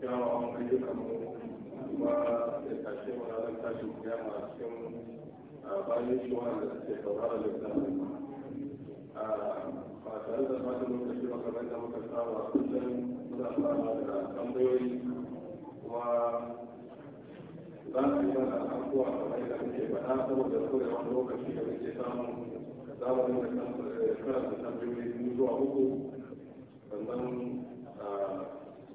kyawawan ayyukanmu kuma ya tashe mu ranar tashin kiyama a cikin bayan shi wanda suke saurara da tsarin ba tare da fata lokaci ba kamar da muka saba kullum muna fara da tambayoyi kuma za a yi mana abubuwa kamar da muke faɗa saboda kurewar lokaci da muke samu za mu dinga karanta tambayoyi zuwa uku sannan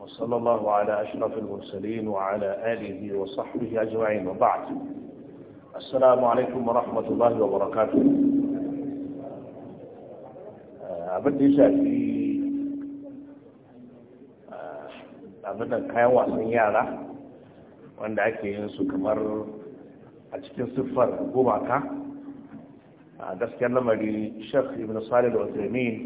وصلى الله على أشرف المرسلين وعلى آله وصحبه أجمعين وبعد السلام عليكم ورحمة الله وبركاته آه، أبدا يسأل في أبدا آه، كيوا سيارة وأن أكي ينسو كمر أتكين سفر قباكا آه، دسكي أنا دي شيخ ابن صالح العثيمين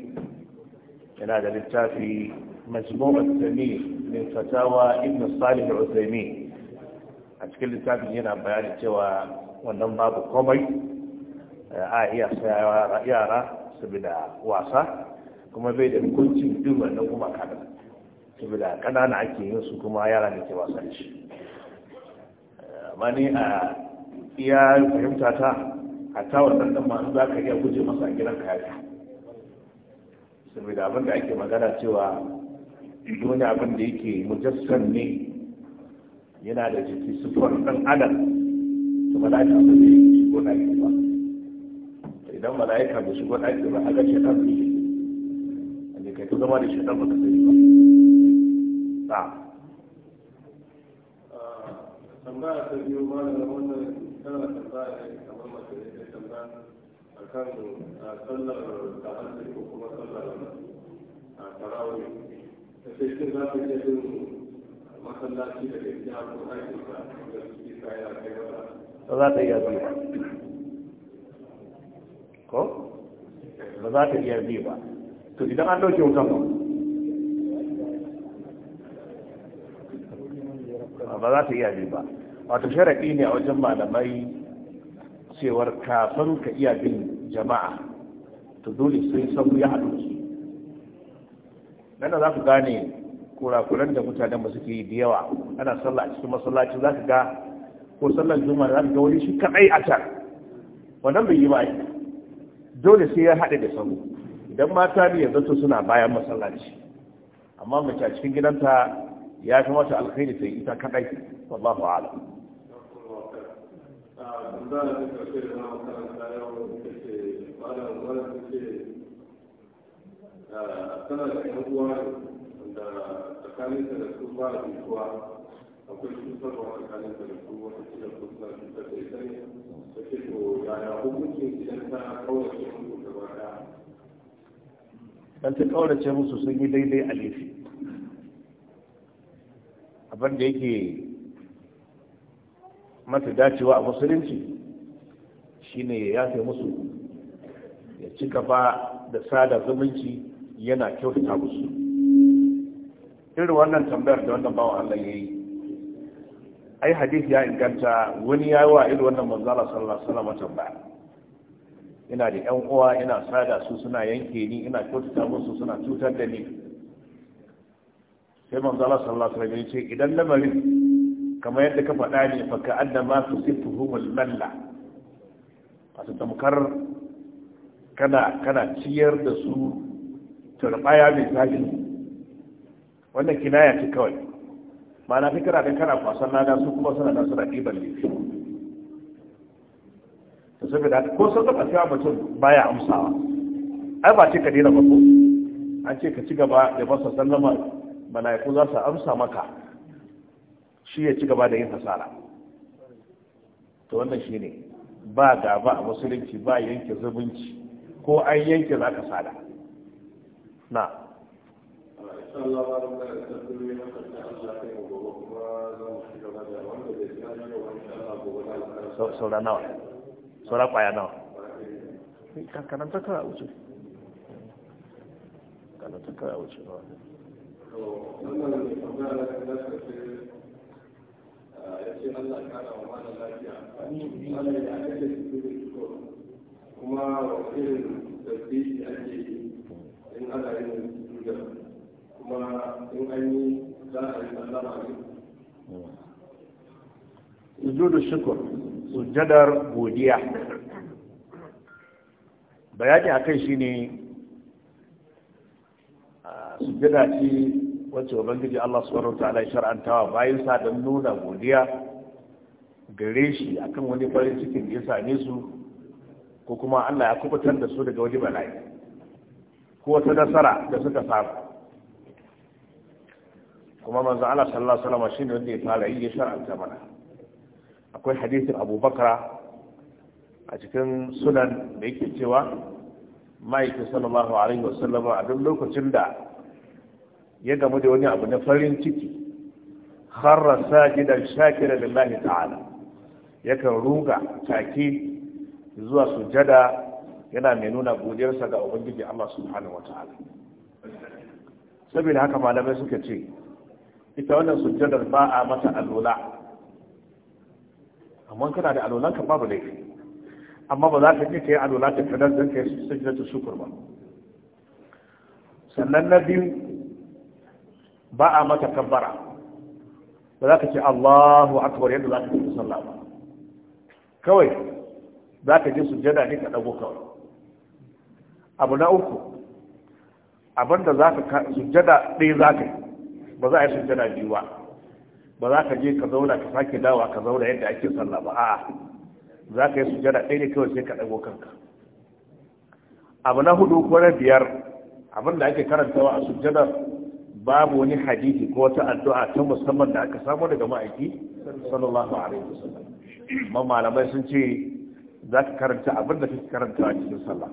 ينادى للتافي مجموع السميع من فتاوى ابن صالح a cikin littafin yana bayanin cewa wannan babu komai a iya sayawa yara saboda wasa kuma bai da hukuncin duk wannan kuma kanan saboda kanana ake yin su kuma yara ne ke wasa da shi amma ni iya fahimta ta a tawar ɗan ma za ka iya guje masa a gidan kaya saboda abin da ake magana cewa duk wani abin da yake mujassan ne yana da jiki sufar ɗan adam to mala'ika ba zai shigo ɗaki ba idan mala'ika bai shigo ɗaki ba haka shi ɗan zai ne kai ta zama da shi ɗan ba ka sani ba ah, tambaya ta biyu ma da wannan tana tambaya kamar mace da ke tambaya akan ah, sallar da hanzari ko kuma sallar ah, tarawih فشكر ما في جدو وخلا في الإبداع وهاي ولا تيازي ko ba za ta iya bi ba to idan an dauke wutan ba ba za ta iya bi ba wato sharaɗi ne a wajen malamai cewar kafin ka iya bin jama'a to dole sai sabu ya haɗu su nan za ku gane kurakuran da mutanen ba suke yi da yawa ana sallah a cikin masallaci za ka ga ko sallar juma'a za ka ga wani shi kadai a can wannan bai yi ba dole sai ya haɗe da sabo idan mata ne ya zato suna bayan masallaci amma mace a cikin gidanta ya fi mata alkhairi sai ita kaɗai wallahu a'lam da tana da yan da tsakanin da su ba da mutuwa akwai cutarwa tsakanin da su wata cikin kusa cutar da ita ne ta ce to yaya hukuncin idan ta kaurace musu gaba ɗaya dan ta kaurace musu sun yi daidai a laifi abin da yake mata dacewa a musulunci shine ya yafe musu ya cika gaba da sada zumunci yana kyautata musu irin wannan tambayar da wannan bawan Allah ya yi. ai hadisi ya inganta wani ya yi wa irin wannan manzo Allah sallallahu alaihi wasallam tambaya ina da ƴan uwa ina sada su suna yanke ni ina kyautata musu suna cutar da ni sai manzo Allah sallallahu alaihi wasallam ya ce idan lamarin kamar yadda ka faɗa ne fa ka annama tusifuhumul malla wato tamkar kana kana ciyar da su turbaya mai zafi wannan kinaya ce kawai na fi kira da kana kwasan na su kuma suna da suna ɗiban laifi ta saboda ko sun taɓa cewa mutum baya amsawa ai ba ce ka daina ba ko an ce ka ci gaba da masa sallama mala'iku za su amsa maka shi ya ci gaba da yin hasara to wannan shi ne ba gaba a musulunci ba yanke zubunci ko an yanke za ka sada na saura nawa saura kwaya nawa wuce wuce kuma irin tasbihi ake yi in ana yin sujjada kuma in an yi za a yi sallama ne sujudu shukr sujjadar godiya bayani akai ne, sujjada ce wacce ubangiji Allah subhanahu wa ta'ala ya shar'antawa bayan sa don nuna godiya gare shi akan wani farin cikin da ya same su ko kuma Allah ya kubutar da su daga wani bala'i ko wata nasara da suka samu kuma manzo Allah sallallahu alaihi wasallam shine wanda ya fara yi ya shar'anta mana akwai hadisin Abu Bakra a cikin sunan da yake cewa ma'aikin sallallahu alaihi wasallam a duk lokacin da ya gamu da wani abu na farin ciki kharra sajidan shakira lillahi ta'ala yakan ruga take zuwa sujada yana mai nuna godiyarsa ga ubangiji Allah subhanahu wataala saboda haka malamai suka ce ita wannan sujjadar ba a mata alola amma kana da alolan ka babu laifi amma ba za ka je kai alola ta kadar don kai sujjadatu shukur ba sannan na biyu ba a mata kabbara ba za ka ce Allahu akbar yadda za ka ce sallama kawai za ka ji sujjada ne ka dago kawai abu na uku abinda za ka sujjada ɗaya za ka ba za a yi sujjada biyu ba ba za ka je ka zauna ka sake dawa ka zauna yadda ake sallah ba a'a za ka yi sujjada ɗaya ne kawai sai ka ɗago kanka abu na hudu ko na biyar abinda ake karantawa a sujjada babu wani hadisi ko wata addu'a ta musamman da aka samu daga ma'aiki sallallahu alaihi wasallam amma malamai sun ce za ka karanta abinda kake karantawa cikin sallah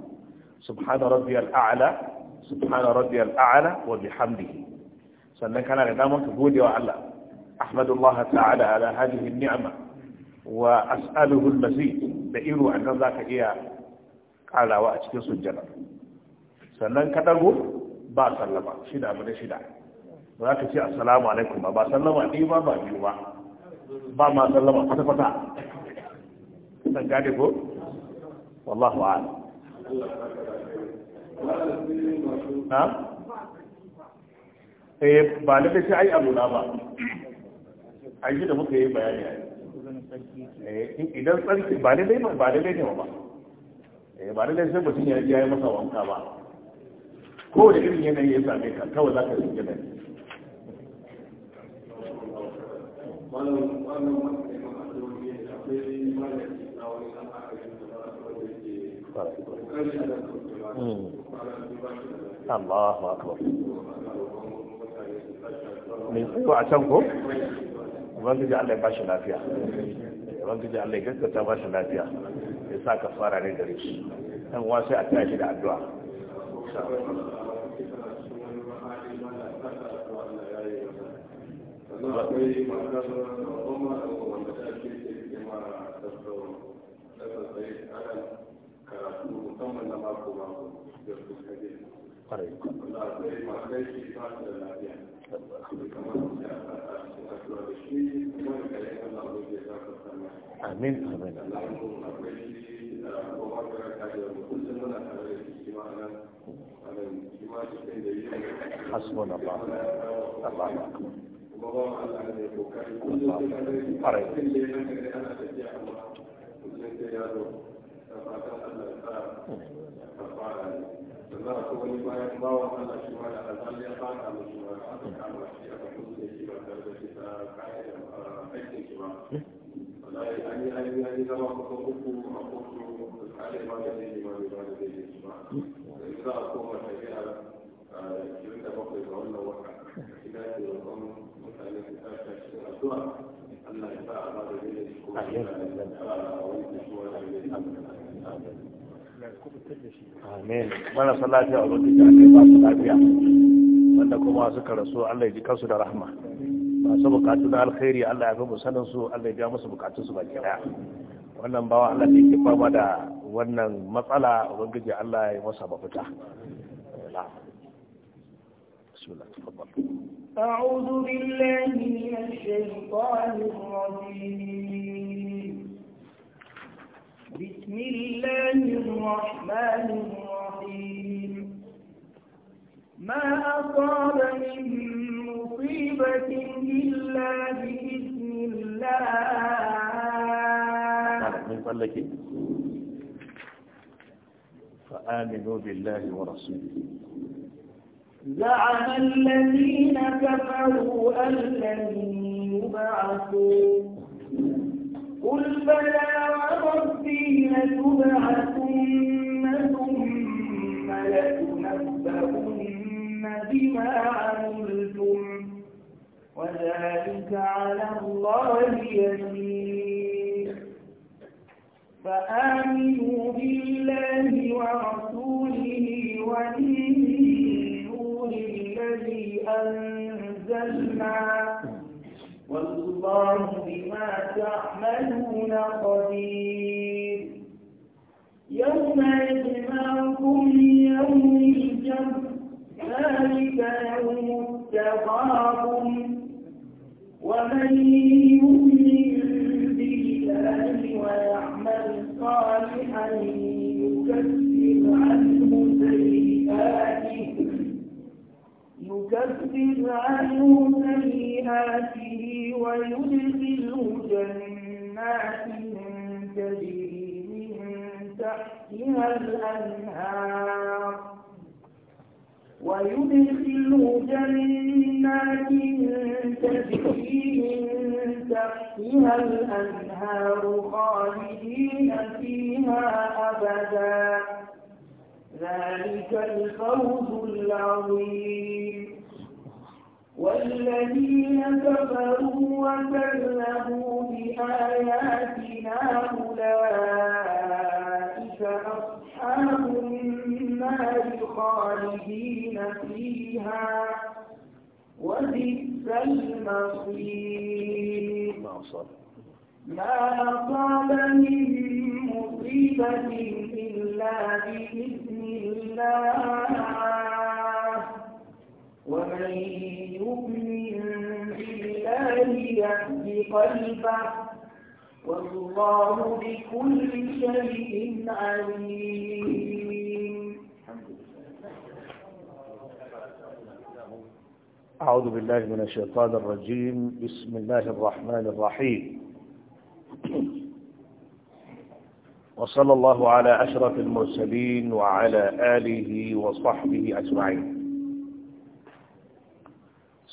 subhana rabbiyal a'la subhana rabbiyal a'la wa bihamdihi sannan kana da damar ka gode wa Allah ahmadullah ta'ala ala hadhihi ni'ma wa as'aluhu al-mazid da iru annan zaka iya karawa a cikin sujjada sannan ka dago ba sallama shida abu da shida ba za ka ce assalamu alaikum ba ba sallama ɗaya ba ba biyu ba ba ma sallama kwata-kwata san gane ko wallahu a'lam na? eh ba na da shi ai abuna ba ai shi da muka yi bayani eh, idan tsarki ba da ba da daidai ba eh ba da daidai sai ya yi masa wanka ba ko da irin yanayi ya same ka kawai za ka yi gina Hmm. Allahu akbar mai tsayo a can ko ubangiji Allah ya lafiya ubangiji Allah ya lafiya ya ka fara ne gare da amin amin hasbun Allah Allah Allah fara da za wani bayan bawan Allah shi ma da ya fara da shi ma da aka kama shi a kusa da shi ba tare da shi ta kayan aikin shi ba. Wallahi an yi an yi an yi zama kusan uku a kotu da kare ma da zai ma da ba da shi ba. a koma tafiya ashirin da bakwai ga wannan wata. Shi da ke roƙon mutane su tashi a cikin addu'a. Allah ya sa a ba da zai shi ko a wani da shi wani da zai shi. amin Mana lafiya a lokacin da aka ba su lafiya wanda kuma suka rasu Allah ya ji kansu da rahama masu bukatu na alkhairi Allah ya fi musanin su Allah ya biya musu bukatun su baki daya wannan bawa Allah ne ke fama da wannan matsala ubangiji Allah ya masa mafita bismillah tafaddal أعوذ بالله من الشيطان الرجيم بسم الله الرحمن الرحيم ما أصاب من مصيبة إلا بإذن الله نعم، إيه؟ فآمنوا بالله ورسوله زعم الذين كفروا أن لن يبعثوا قل بلى وربي لتبعثن ثم لتنبؤن بما عملتم وذلك على الله يسير فآمنوا بالله ورسوله والنور الذي أنزلنا الله بما تعملون قدير يوم يجمعكم ليوم الجمع ذلك يوم التقاكم ومن يؤمن يكفر عنه سيئاته ويدخله جنات تجري من تحتها الأنهار ويدخله جنات تجري من تحتها الأنهار خالدين فيها أبدا ذلك الفوز العظيم والذين كفروا وكذبوا بآياتنا أولئك أصحاب النار خالدين فيها وبئس المصير ما أصاب من مصيبة إلا بإذن الله ومن يؤمن بالله يهد قلبه والله بكل شيء عليم أعوذ بالله من الشيطان الرجيم بسم الله الرحمن الرحيم وصلى الله على أشرف المرسلين وعلى آله وصحبه أجمعين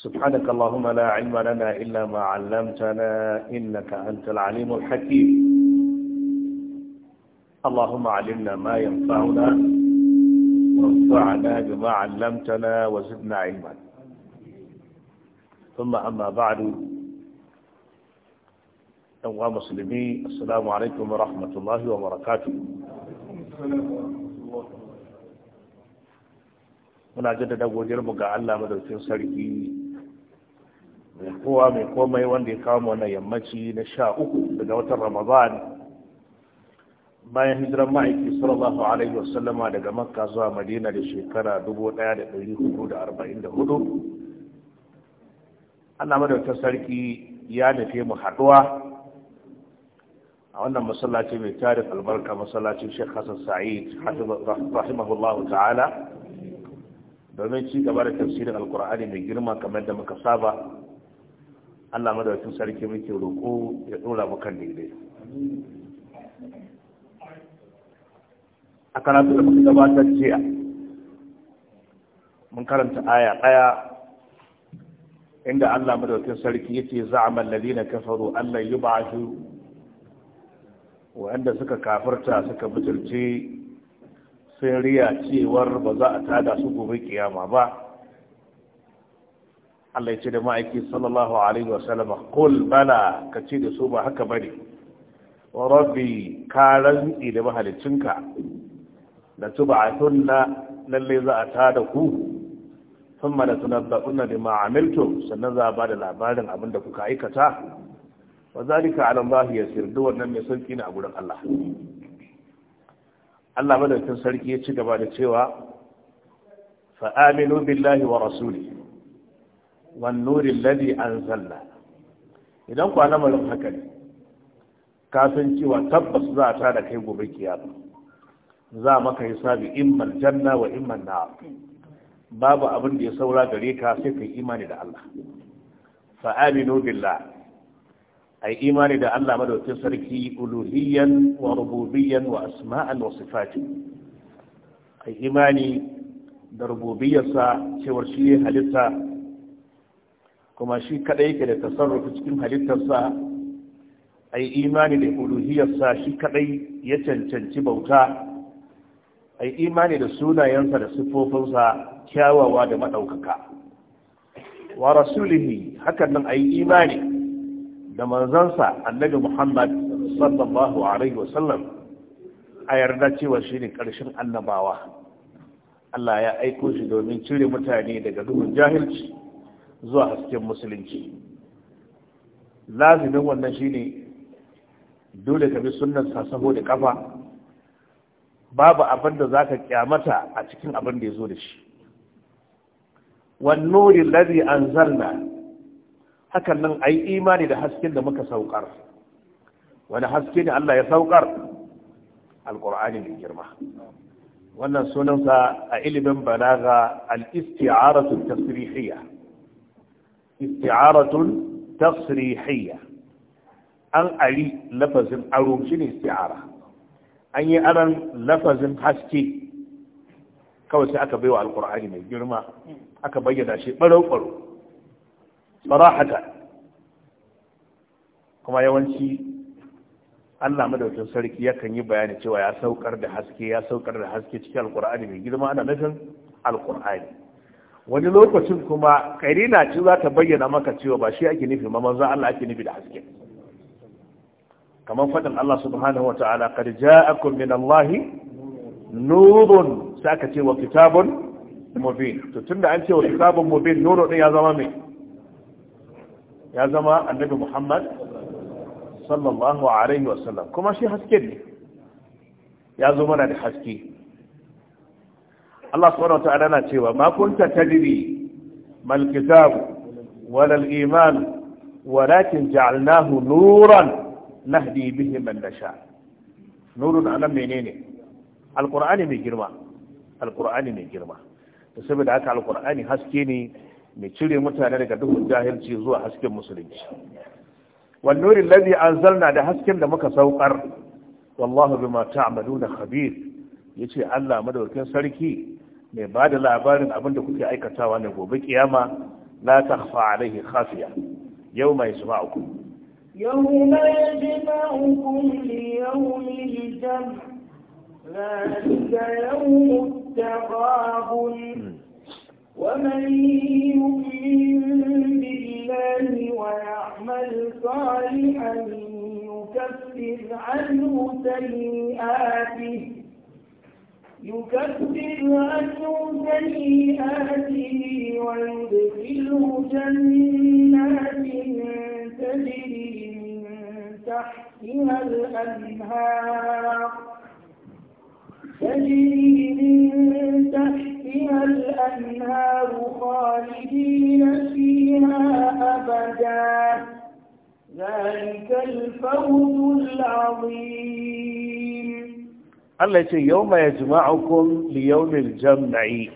سبحانك اللهم لا علم لنا إلا ما علمتنا إنك أنت العليم الحكيم اللهم علمنا ما ينفعنا وانفعنا بما علمتنا وزدنا علما ثم أما بعد أيها مسلمي السلام عليكم ورحمة الله وبركاته muna jaddada godiyarmu ga Allah madaukin sarki mai kowa mai komai wanda ya kama wannan yammaci na sha uku daga watan ramadan bayan hijiran ma'aiki sallallahu alaihi wasallama daga makka zuwa madina da shekara 1444 allah madaukar sarki ya nufe mu haɗuwa a wannan masallaci mai tarif albarka masallacin sheikh hassan sa'id rahimahullahu ta'ala domin ci gaba da tafsirin alkur'ani mai girma kamar da muka saba Allah madawacin sarki muke roƙo ya ɗora mu daidai a karatu da muka gabatar jiya mun karanta aya ɗaya inda Allah madawacin sarki yake za'ama alladhina kafaru Allah yi yub'athu wa'anda suka kafirta suka butulce sun riya cewar ba za a tada su gobe kiyama ba Allah ya ce da ma'aiki sallallahu alaihi wasallam kul bala ka ce da su ba haka bane wa rabbi ka rantsi da mahalicinka da tub'atunna lalle za a tada ku thumma la tunabba'unna bima amiltum sannan za a da labarin abin da kuka aikata wa zalika ala Allah yasir duk wannan mai sauki ne a gurin Allah Allah madaukakin sarki ya ci gaba da cewa fa aminu billahi wa rasulihi wan ladi an zalla idan ku al'amarin haka ne ka san cewa tabbas za a tada kai gobe kiyama za maka hisabi immal janna wa immal nar babu abin da ya saura gare ka sai kai imani da Allah fa aminu billah Ai imani da Allah madaukakin sarki uluhiyyan wa rububiyyan wa asma'an wa sifati Ai imani da rububiyyarsa cewar shi halitta kuma shi kadai yake da tasarrufi cikin halittarsa a yi imani da uluhiyarsa shi kadai ya cancanci bauta a yi imani da sunayensa da siffofinsa kyawawa da maɗaukaka wa rasulihi hakan nan a yi imani da manzansa annabi muhammad sallallahu alaihi wasallam a yarda cewa shi ne ƙarshen annabawa Allah ya aiko shi domin cire mutane daga duhun jahilci zuwa hasken musulunci lazimin wannan shine dole ka bi sunnan sa saboda kafa babu abin da zaka kyamata a cikin abin da yazo da shi wan nuri ladhi anzalna hakan nan ai imani da hasken da muka saukar wani haske ne Allah ya saukar alqur'ani mai girma wannan sunansa a ilimin balaga al-isti'aratu tasrihiyya tun isti'aratun tasrihiyya an ari lafazin aro shine isti'ara an yi aron lafazin haske kawai sai aka baiwa alkur'ani mai girma aka bayyana shi ɓarau-ɓarau sarahata kuma yawanci allah madaukin sarki yakan yi bayani cewa ya saukar da haske ya saukar da haske cikin alkur'ani mai girma ana nufin alkur'ani wani lokacin kuma karina ce za ta bayyana maka cewa ba shi ake nufi za Allah ake nufi da haske kamar faɗin Allah subhanahu wa ta'ala qad ja'akum min Allah nurun aka ce wa kitabun mubin to da an ce wa kitabun mubin nuru din ya zama mai. ya zama annabi Muhammad sallallahu alaihi wa sallam kuma shi haske ne ya zo na da haske Allah subhanahu wa ta'ala na cewa ma kunta tadri mal kitab wala al iman walakin ja'alnahu nuran nahdi bihi man nasha nurun anan menene alqur'ani mai girma alqur'ani mai girma to saboda haka alqur'ani haske ne mai cire mutane daga duhun jahilci zuwa hasken musulunci wan nurin ladhi anzalna da hasken da muka saukar wallahu bima ta'maluna khabir yace Allah madaukakin sarki mai ba da labarin abin da kuke aikatawa ne gobe kiyama la takhfa alaihi khafiya yau mai suma'uku يوم يجمعكم ليوم الجمع ذلك يوم التغابن ومن يؤمن بالله ويعمل صالحا يكفر عنه سيئاته يكفر عنه سيئاته ويدخله جنات تجري من تحتها الأنهار تجري من تحتها الأنهار خالدين فيها أبدا ذلك الفوز العظيم Allah ya ce yau mai jima'akun liyaunin jam'i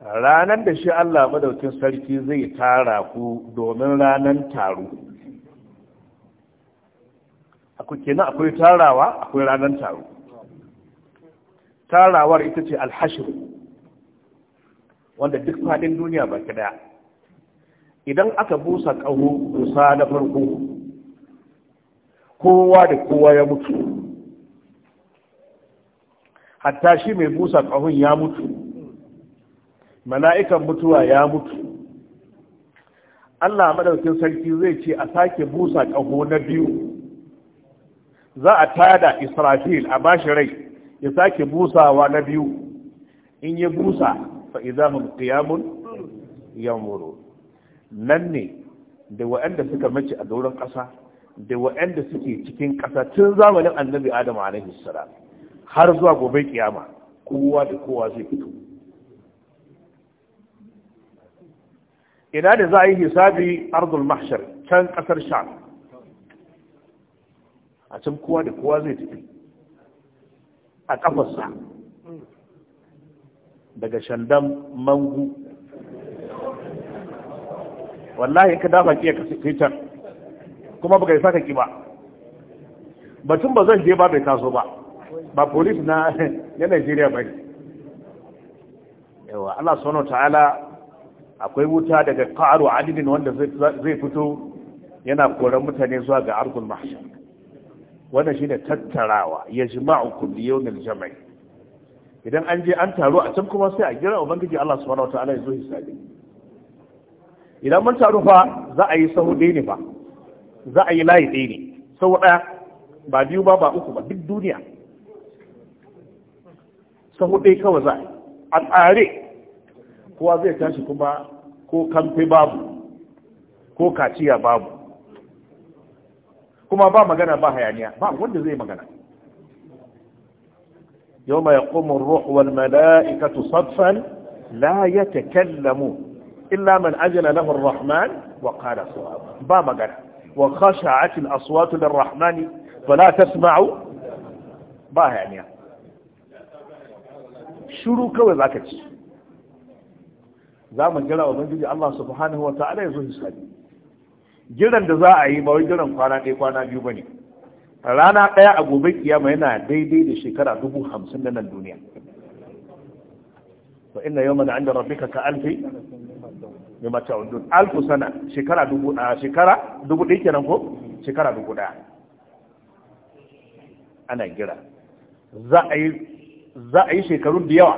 ranar da shi Allah madaukin sarki zai tara ku domin ranar taro kenan akwai tarawa akwai ranar taro tarawar ita ce alhashir wanda duk faɗin duniya ba daya idan aka busa ƙaho busa na farko kowa da kowa ya mutu hatta shi mai busa ƙahun ya mutu mala'ikan mutuwa ya mutu Allah maɗaukin sarki zai ce a sake busa ƙaho na biyu za a da israfil a bashi rai ya sake busawa na biyu in ya busa fa'izahun ƙiyamun yamuru nan ne da wa'anda suka mace a dauran ƙasa da wa'anda suke cikin ƙasa tun zamanin annabi adam a.s. har zuwa gobe kiyama kowa da kowa zai fito ina da za a yi hisabi ardul mahshar can kasar sham a can kowa da kowa zai tafi a kafarsa daga shandan mangu wallahi ka dafa kiya ka fitar kuma baka yi saka ki ba batun ba zan je ba bai taso ba ba polis na na Najeriya ba ne yawa Allah subhanahu ta'ala akwai wuta daga qa'ru adidin wanda zai fito yana koran mutane zuwa ga arkul mahshar wannan shine tattarawa yajma'u kulli yawmil jam'i idan an je an taro a can kuma sai a gira ubangiji Allah subhanahu ta'ala ya zo hisabi idan mun taro fa za a yi sahu ɗaya ne fa za a yi layi ɗaya ne sau ɗaya ba biyu ba ba uku ba duk duniya sahu ɗaya kawai za a tsare kowa zai tashi kuma ko kamfe babu ko kaciya babu kuma ba magana ba hayaniya ba wanda zai magana يوم يقوم الروح والملائكة صدفا لا يتكلمون إلا من أجل له الرحمن وقال صواب با مغنى وخشعت الأصوات للرحمن فلا تسمع ba hayaniya. shiru kawai za ka ci za mu jira ubangiji Allah subhanahu ta'ala ya zo hisabi jiran da za a yi ba wai jiran kwana ɗaya kwana biyu bane rana ɗaya a gobe kiyama yana daidai da shekara dubu hamsin da nan duniya fa inna yawman 'inda rabbika ka alfi mimma ta'udun alfu sana shekara dubu a shekara dubu ɗaya kenan ko shekara dubu ɗaya ana gira za a yi za a yi shekarun da yawa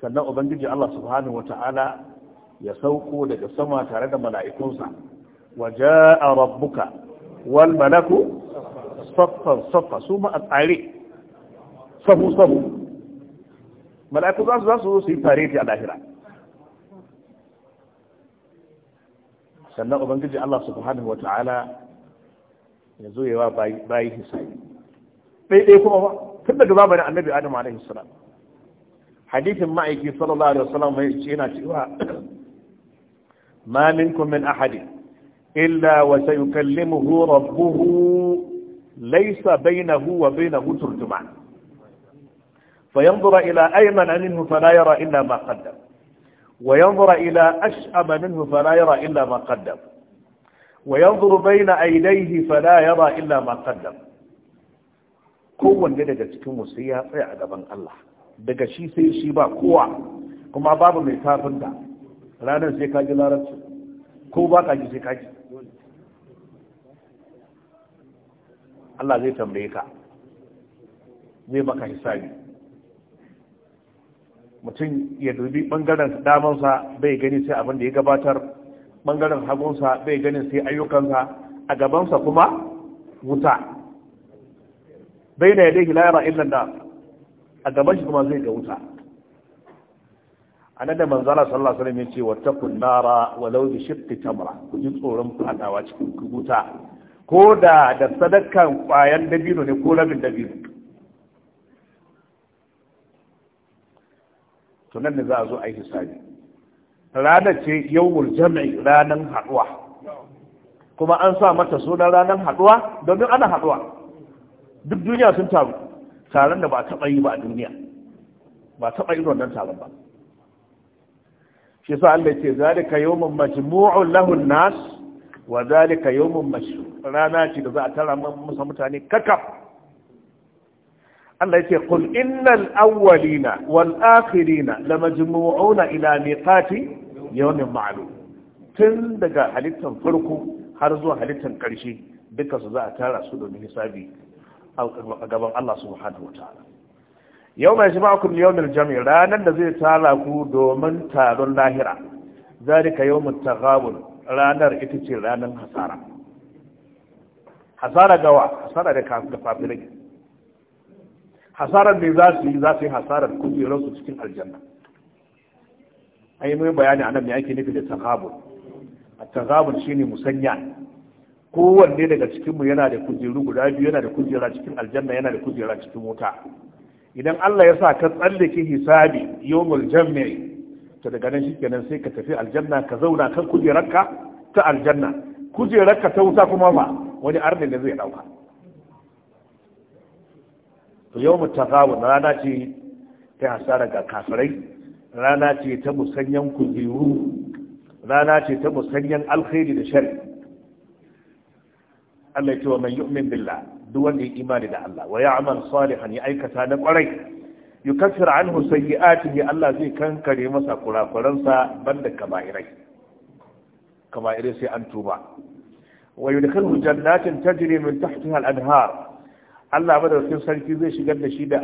sannan ubangiji Allah subhanahu wa ta'ala ya sauko daga sama tare da mala'ikunsa waje a rabbuka wal malaku saffan saffa su ma a tsare sahu sahu mala'iku za su za su su yi tare a lahira sannan ubangiji Allah subhanahu wa ta'ala ya zo yawa bayi hisabi ɗaiɗai kuma ba tun daga zamanin annabi adam alaihi salam hadisin ma'aiki sallallahu alaihi wasallam mai ce yana cewa ma minkum min ahadin illa wa sayukallimuhu rabbuhu laysa bainahu wa bainahu turjuman فينظر إلى أيمن منه فلا يرى إلا ما قدم وينظر إلى أشأم منه فلا يرى إلا ما قدم وينظر بين أيديه فلا يرى إلا ما قدم kowanne daga cikin sai ya tsaya a gaban Allah daga shi sai shi ba kowa kuma babu mai da ranar sai kaji larabci ko ba kaji sai kaji Allah zai tambaye ka zai maka hisabi mutum ya dubi bangaren damansa bai gani sai abin da ya gabatar bangaren hagunsa bai gani sai ayyukansa a gabansa kuma wuta baina yadayhi la yara illa an a gaban shi kuma zai ga wuta nan da manzala sallallahu alaihi wasallam yace wattaqun nara walau bi shiqqi tamra ku ji tsoron fadawa cikin wuta ko da da sadakan kwayan dabino ne ko rabin dabino to ne za a zo a yi hisabi Rana ce yawmul jam'i ranar haduwa kuma an sa mata sunan ranar haduwa domin ana haduwa duk duniya sun taru taron da ba taɓa yi ba a duniya ba taɓa yi wannan taron ba shi sa Allah ce zalika yawmun majmu'un lahun nas wa zalika yawmun mash rana ce da za a tara musa mutane kaka Allah yake qul innal awwalina wal akhirina majmu'una ila miqati yawmin ma'lum tun daga halittar farko har zuwa halittar karshe duka su za a tara su domin hisabi a gaban Allah subhanahu wataala yau mai shi ma'akum yawmil jami ranar da zai tara ku domin taron lahira yau yawmut taghabun ranar ita ce ranar hasara hasara gawa hasara da kafirai hasarar ne za su yi za su yi hasarar kujerarsu cikin aljanna ainihin mai bayani a nan me ake nufi da taghabun a taghabun ne musanya kowanne daga cikinmu yana da kujeru guda biyu yana da kujera cikin aljanna yana da kujera cikin wuta idan Allah ya sa ka tsallake hisabi yawmul jami'i to daga nan shikenan sai ka tafi aljanna ka zauna kan kujerarka ta aljanna kujerarka ta wuta kuma ba wani arne ne zai dauka to yawmul tagawun rana ce ta hasara ga kafirai rana ce ta musanyan kujeru rana ce ta musanyan alkhairi da shari'a Allah ya ce wa mai yu'min billah duk wanda ya imani da Allah wa ya'mal salihan ya aikata na kwarai yukaffir yi sayyi'atihi Allah zai kankare masa kurakuransa banda kaba'irai kama'irai sai an tuba wa yudkhiluhu jannatin tajri min tahtiha al-anhar Allah madaukakin sarki zai shigar da shi da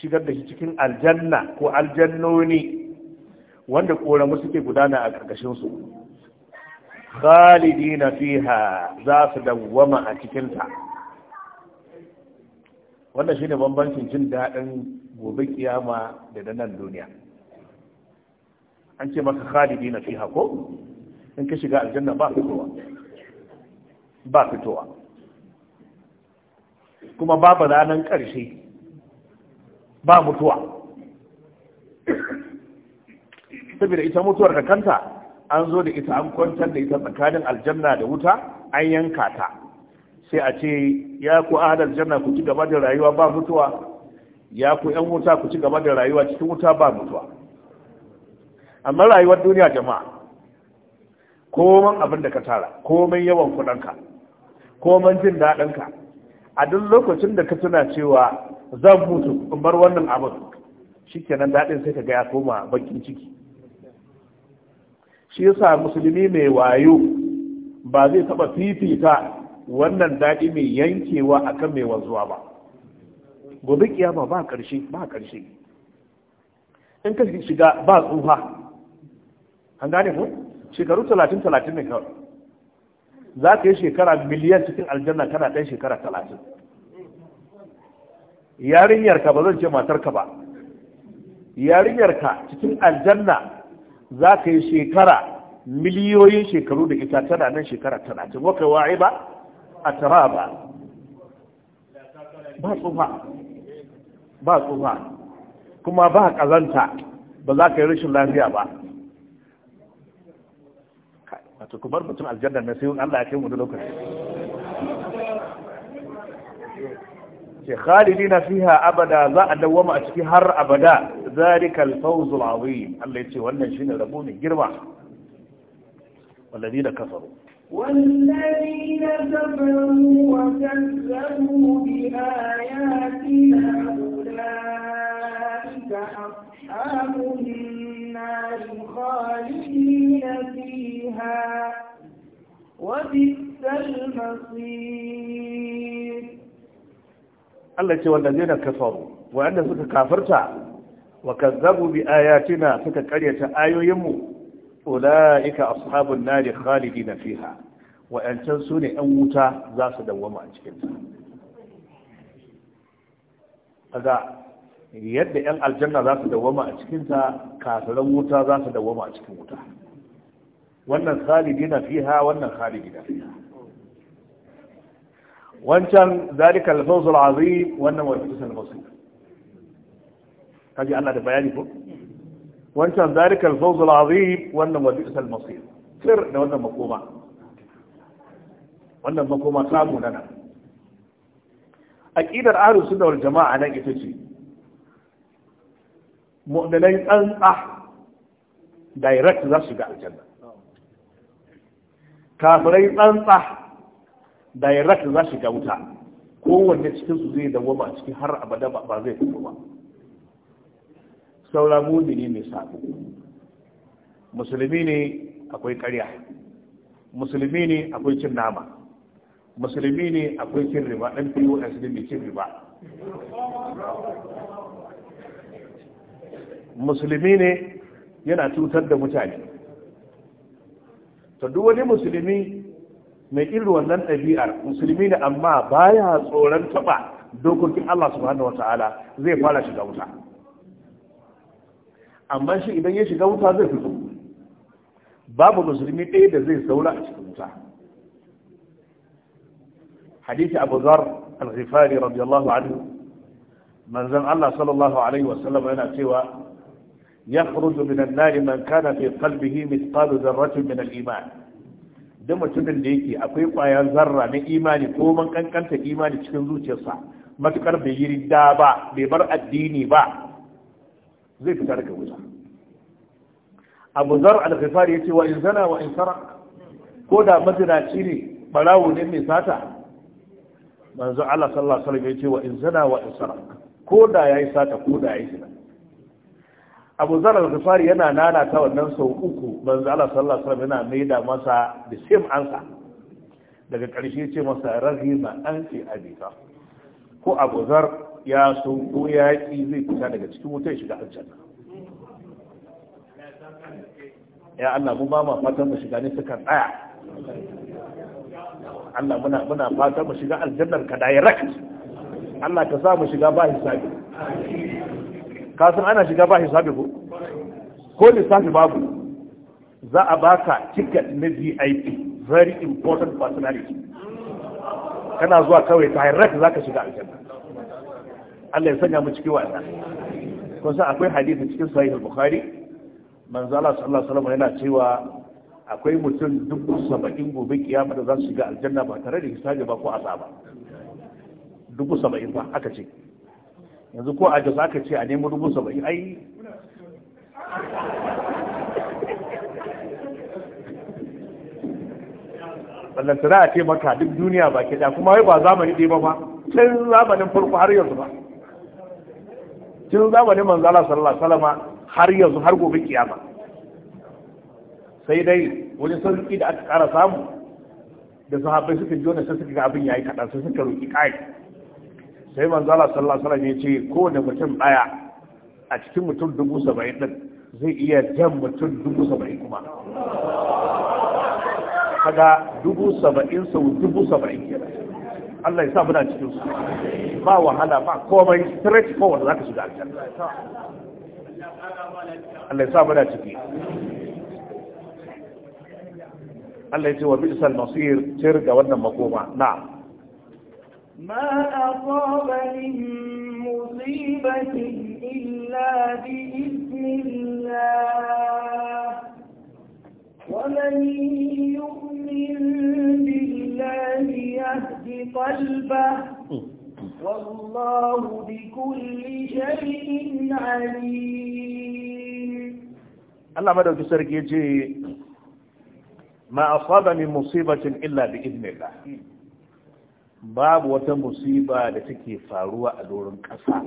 shigar da shi cikin aljanna ko aljannoni wanda koramu suke gudana a ƙarƙashinsu. su khalidina fiha za su dawwama a cikinta wannan shine bambancin jin daɗin gobe kiyama da danan duniya an ce maka khalidina fiha ko in ka shiga aljanna ba fitowa ba fitowa kuma babu ranar ƙarshe ba mutuwa saboda ita mutuwar da kanta an zo da ita an kwantar da ita tsakanin aljanna da wuta an yanka ta sai a ce ya ku ahal aljanna ku ci gaba da rayuwa ba mutuwa ya ku yan wuta ku ci gaba da rayuwa cikin wuta ba mutuwa amma rayuwar duniya jama'a komai abin da ka tara komai yawan kuɗanka komai jin daɗinka a duk lokacin da ka tuna cewa zan mutu in bar wannan abin shikenan daɗin sai ka ga ya koma bakin ciki shi yasa musulmi mai wayo ba zai taba fifita wannan daɗi mai yankewa akan mai wanzuwa ba gobe kiyama ba ƙarshe ba ƙarshe in ka shiga ba tsufa an gane ko shekaru talatin talatin ne kawai za ka yi shekara miliyan cikin aljanna kana ɗan shekara talatin yarinyarka ba zan ce matarka ba yarinyarka cikin aljanna za ka yi shekara miliyoyin shekaru da ita tana nan shekara talatin waka wa'i ba a tara ba ba tsufa ba tsufa kuma ba kazanta ba za ka yi rashin lafiya ba a ku bar mutum aljanna na sayon Allah ya kai wani lokaci ke khalidi na fiha abada za a dawwama a ciki har abada ذلك الفوز العظيم الله يتي wannan shine rabo والذين كفروا والذين كفروا وكذبوا بآياتنا أولئك أصحاب النار خالدين فيها وبئس المصير الله والذين كفروا وأن سكا كافرتا وكذبوا بآياتنا فككرية آيو يمو أولئك أصحاب النار خالدين فيها وأن تنسوني أموتا ذاس دوما أجكلتا هذا يد أن الجنة ذاس دوما أجكلتا كاثر موتا ذاس دوما وأن الخالدين فيها وأن الخالدين فيها وأن ذلك الفوز العظيم وأن وفتس المصير kaji Allah da bayani ko wancan zarikal fawzul azim wannan wa bi'sal masir sir da wannan makoma wannan makoma samu nana aqidar ahlus sunna wal jama'a nan ita ce mu'minai tsantsa direct za su ga aljanna kafirai tsantsa direct za su ga wuta kowanne cikin su zai dawo ba cikin har abada ba zai fito ba saura mumini mai sabo musulmi ne akwai karya musulmi ne akwai cin nama musulmi ne akwai cin riba ɗan pos ne mai cin riba musulmi ne yana cutar da mutane ta duk wani musulmi mai irin wannan ɗabi'ar musulmi ne amma baya tsoron taɓa dokokin Allah subhanahu wa ta'ala zai fara shiga wuta amma shi idan ya shiga wuta zai fito babu musulmi ɗaya da zai saura a cikin wuta hadisi abu zar al-ghifari radiyallahu anhu manzon Allah sallallahu alaihi wa sallam yana cewa ya an-nar man kana fi qalbihi mithqal dharratin min al iman da mutumin da yake akwai kwayan zarra na imani ko man kankanta imani cikin zuciyarsa matukar bai yi da ba bai bar addini ba zai fita daga wuta abu zar al-ghifari yace wa in zana wa in ko da mazinaci ne barawo ne mai sata manzo Allah sallallahu alaihi wasallam yace wa in zana wa in ko da yayi sata ko da yayi zina Abu Zar al-Ghifari yana ta wannan sau uku manzo Allah sallallahu alaihi wasallam yana maida masa the same answer daga ƙarshe ce masa raghima an fi abika ko Abu Zar ya so ko ya yi zai fita daga cikin wuta ya shiga aljanna ya Allah mu ba ma fatan mu shiga ne suka tsaya Allah muna muna fatan mu shiga aljannar ka direct Allah ka sa mu shiga ba hisabi ka san ana shiga ba hisabi ko ko lissafi babu za a baka ticket na VIP very important personality kana zuwa kawai direct zaka shiga aljanna Allah ya sanya mu cikin wa'annan kun san akwai hadisi cikin sahih al-bukhari manzo Allah sallallahu alaihi wasallam yana cewa akwai mutum dubu saba'in gobe kiyama da za su shiga aljanna ba tare da hisabi ba ko azaba dubu saba'in ba aka ce yanzu ko a jasa aka ce a nemi dubu saba'in ai ballantana a ce maka duk duniya baki ɗaya da kuma wai ba zamani ɗaya ba ba sai zamanin farko har yanzu ba tun zamanin manzala sallallahu alaihi wasallama har yanzu har gobe kiyama sai dai wani sarki da aka kara samu da sahabbai suka ji wannan sai suka ga abin yayi kadan sai suka roki kai sai manzala sallallahu alaihi wasallam ya ce kowane mutum daya a cikin mutum dubu saba'in din zai iya jan mutum dubu saba'in kuma kaga dubu saba'in sau dubu saba'in kenan Allah ya sa muna cikin su ba wahala ba komai straight forward zaka shiga aljanna Allah ya sa muna ciki Allah ya ce wa bi'sal masir tir ga wannan makoma na'am ما أصاب من مصيبة إلا بإذن الله ومن يؤمن بالله يهد في قلبه والله بكل شيء عليم الله مدى تسرق يجي ما أصاب من مصيبة إلا بإذن babu wata musiba da take faruwa a doron ƙasa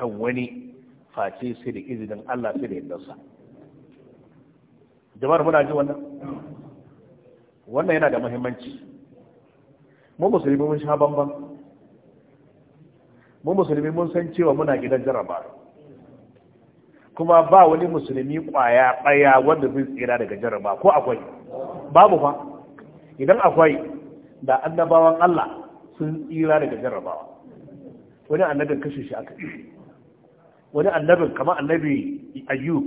a wani face sai da izinin Allah sai da yardarsa. Jama'ar muna ji wannan? Wannan yana da muhimmanci. mu musulmi mun sha bamban mu musulmi mun san cewa muna gidan jaraba kuma ba wani musulmi kwaya ɗaya wanda zai tsira daga jaraba ko akwai babu fa idan akwai da annabawan Allah sun tsira daga jarrabawa wani annabin kashe shi aka wani annabin kamar annabi ayyub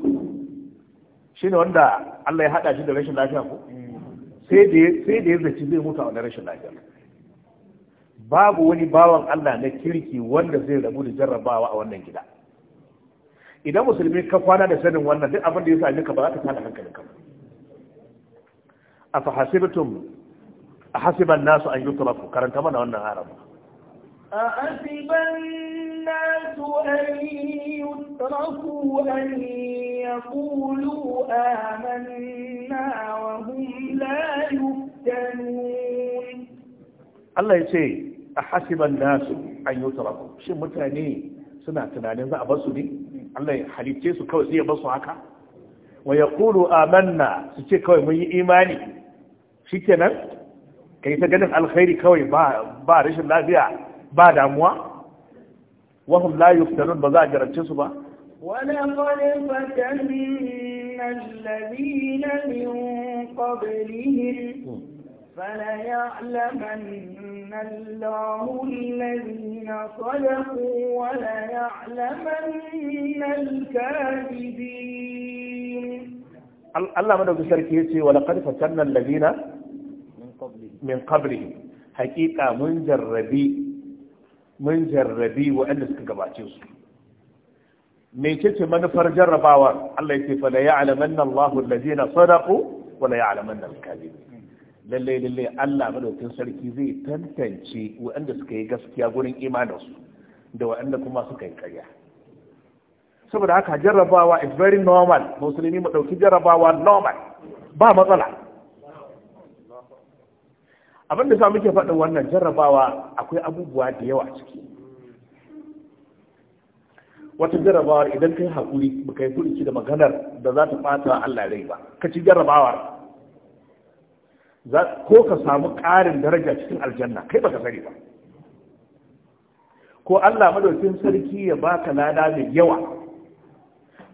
shi ne wanda Allah ya haɗa shi da rashin lafiya ko mm. sai da ya zaci zai mutu a wani rashin lafiya babu wani bawan Allah na kirki wanda zai rabu da jarrabawa a wannan gida idan musulmi ka kwana da sanin wannan duk abin da ya sami ka ba za ka tada ka a afa a hasiban nasu an yutrafu karanta mana wannan A hasiban nasu an yutrafu an yaqulu amanna wa hum la yuftanun Allah ya ce a hasiban nasu an yi turaku shin mutane suna tunanin za a basu ne Allah ya su kawai sai ya basu haka wa ya kulu amanna su ce kawai mun yi imani shi kenan ka yi ta ganin alkhairi kawai ba rashin lafiya ba damuwa wahum la yuftarun ba za a jarance su ba ولقد فتنا الذين من قبلهم فليعلمن الله الذين صدقوا وليعلمن الكاذبين الله مدى بسركي يسي ولقد فتنا الذين من قبلهم حقيقة من جربي من جربي وأنس كقباتيوس من كتب من فرجر باور الله يتفل يعلمن الله الذين صدقوا ولا يعلمن الكاذبين lallai lallai Allah madaukin sarki zai tantance waɗanda suka yi gaskiya gurin imaninsu da waɗanda kuma suka yi karya saboda haka jarrabawa is very normal musulmi mu ɗauki jarrabawa normal ba matsala abin da sa muke faɗin wannan jarrabawa akwai abubuwa da yawa ciki wata jarrabawar idan kai haƙuri ba kai furuci da maganar da za ta ɓata Allah rai ba ka ci jarrabawar ko ka samu ƙarin daraja cikin aljanna kai baka sani ba ko Allah madaukin sarki ya baka lada mai yawa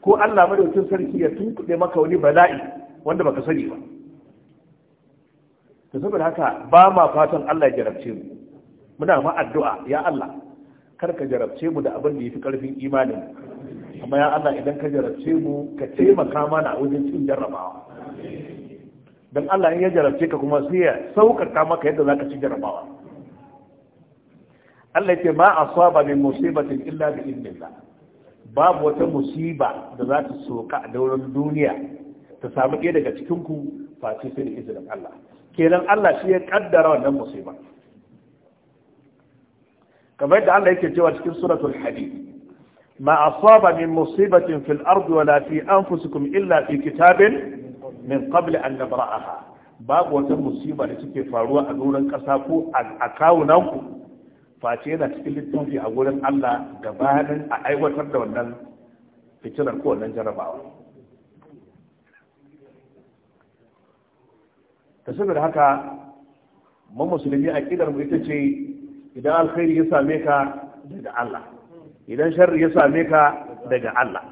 ko Allah madaukin sarki ya tunkuɗe maka wani bala'i wanda baka sani ba to saboda haka ba ma fatan Allah ya jarabce mu muna ma addu'a ya Allah kar ka jarabce mu da abin da ya fi ƙarfin imanin amma ya Allah idan ka jarabce mu ka taimaka mana wajen cin jarrabawa don Allah ya jarabce ka kuma sai ya sauƙaƙa maka yadda za ka ci jarabawa Allah ya ce ma asaba min musibatin illa bi idnillah babu wata musiba da za ta soka a daular duniya ta samu ɗaya daga cikinku ku face sai da izinin Allah kenan Allah shi ya kaddara wannan musiba kamar yadda Allah yake cewa cikin suratul hadid ma asaba min musibatin fil ardi wala fi anfusikum illa fi kitabin min qabl an nabra'aha babu wata musiba da take faruwa a doron ƙasa ko a kawunan ku face yana cikin littafi a gurin Allah da gabanin a aiwatar da wannan fitinar ko wannan jarabawa ta saboda haka mu musulmi a kidar mu ita ce idan alkhairi ya same ka daga Allah idan sharri ya same ka daga Allah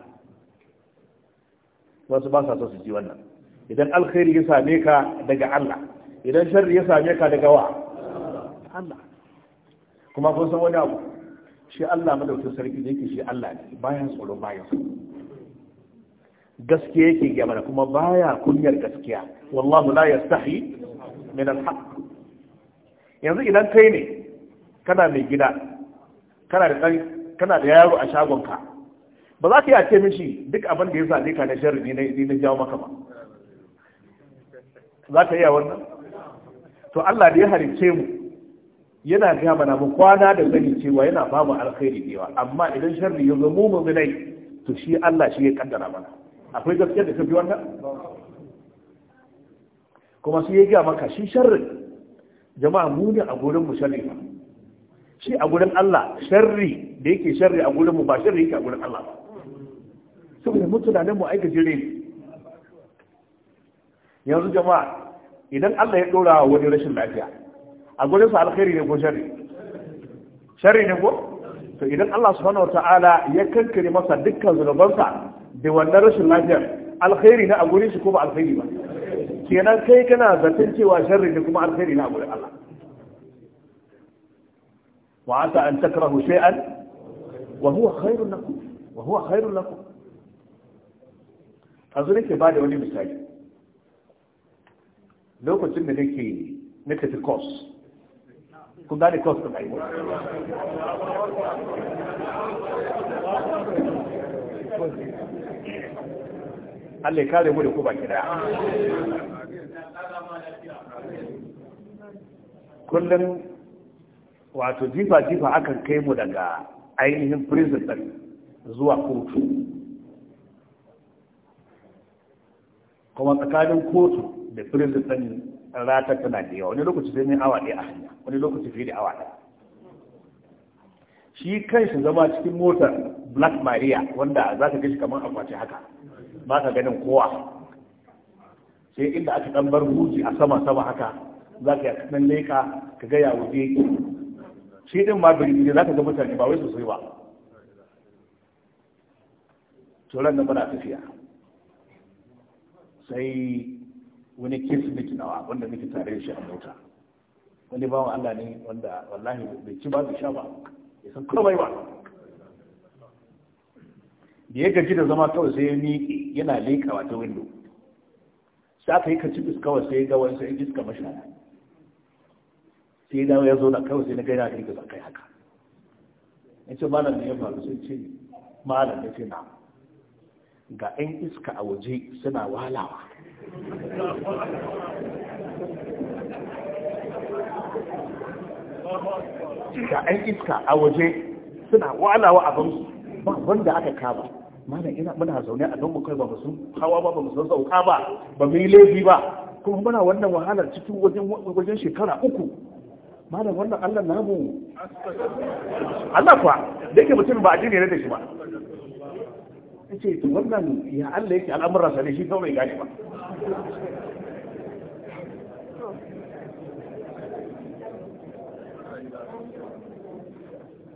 wasu ba sa so su ji wannan idan alkhairi ya same ka daga Allah idan sharri ya same ka daga wa Allah kuma kun san wani abu shi Allah madaukakin sarki da yake shi Allah ne bayan tsoro bayan tsoro gaskiya yake ga da kuma baya kunyar gaskiya wallahu la yastahi min al-haq yanzu idan kai ne kana mai gida kana da ɗan kana da yaro a shagonka ba za ka yi a ce mishi duk abin da ya same ka na sharri ne na jawo maka ba za ka iya wannan to Allah da ya harice mu yana ga mana mu kwana da sani cewa yana ba mu alkhairi da yawa amma idan sharri ya zo mu mu to shi Allah shi ya kaddara mana akwai gaskiya da kafi wannan kuma sai ya gaya maka shi sharri jama'a mu ne a gurin mu sharri ba shi a gurin Allah sharri da yake sharri a gurin mu ba sharri yake a gurin Allah ba saboda mu mu aika jire ne yanzu jama'a idan Allah ya dora wa wani rashin lafiya a gurin sa alkhairi ne ko shari, sharri ne ko to idan Allah subhanahu wataala ya kankare masa dukkan zunubansa da wannan rashin lafiyar alkhairi ne a gurin shi ko ba alkhairi ba kenan kai kana zaton cewa sharri ne kuma alkhairi ne a gurin Allah wa asa an takrahu shay'an wa huwa khairun lakum wa huwa khairun lakum azuri ke bada wani misali lokacin da nake na tafi kos kun gane kos da kai Allah ya kare mu da ku baki daya kullum wato jifa jifa akan kai mu daga ainihin prison din zuwa kotu kuma tsakanin kotu da firin ɗin ratar tana da yawa wani lokaci sai mai awa ɗaya a hanya wani lokaci fiye da awa ɗaya shi shi zama cikin motar black maria wanda za ka gashi kamar akwace haka ba ka ganin kowa sai inda aka ɗan bar huji a sama sama haka za ka yi ɗan leka ka ga ya wuce shi ɗin ma birni za ka ga mutane ba wai sosai ba to ran da tafiya sai wani kirsimeti nawa wanda muke tare da shi a mota wani bawan Allah ne wanda wallahi bai ci ba bai sha ba ya san komai ba da ya gaji da zama kawai sai ya miƙe yana leka ta windo sai aka yi kaci iska kawai sai ya ga wani sai iska mashaya sai ya dawo ya zo na kawai sai na gaina da iska kai haka ya ce malam ne ya faru sai ce malam ya ce na ga 'yan iska a waje suna walawa ga 'yan iska a waje suna walawa abinsu ba wanda aka kaba mana ina muna zaune a don kai ba musu sun hawa ba ba mu sauka ba ba mu yi laifi ba kuma muna wannan wahalar cikin wajen shekara uku mana wannan Allah namu Allah kuwa da ke mutum ba a ne da shi ba ce to wannan ya Allah yake al'amuran sa ne shi kawai gane ba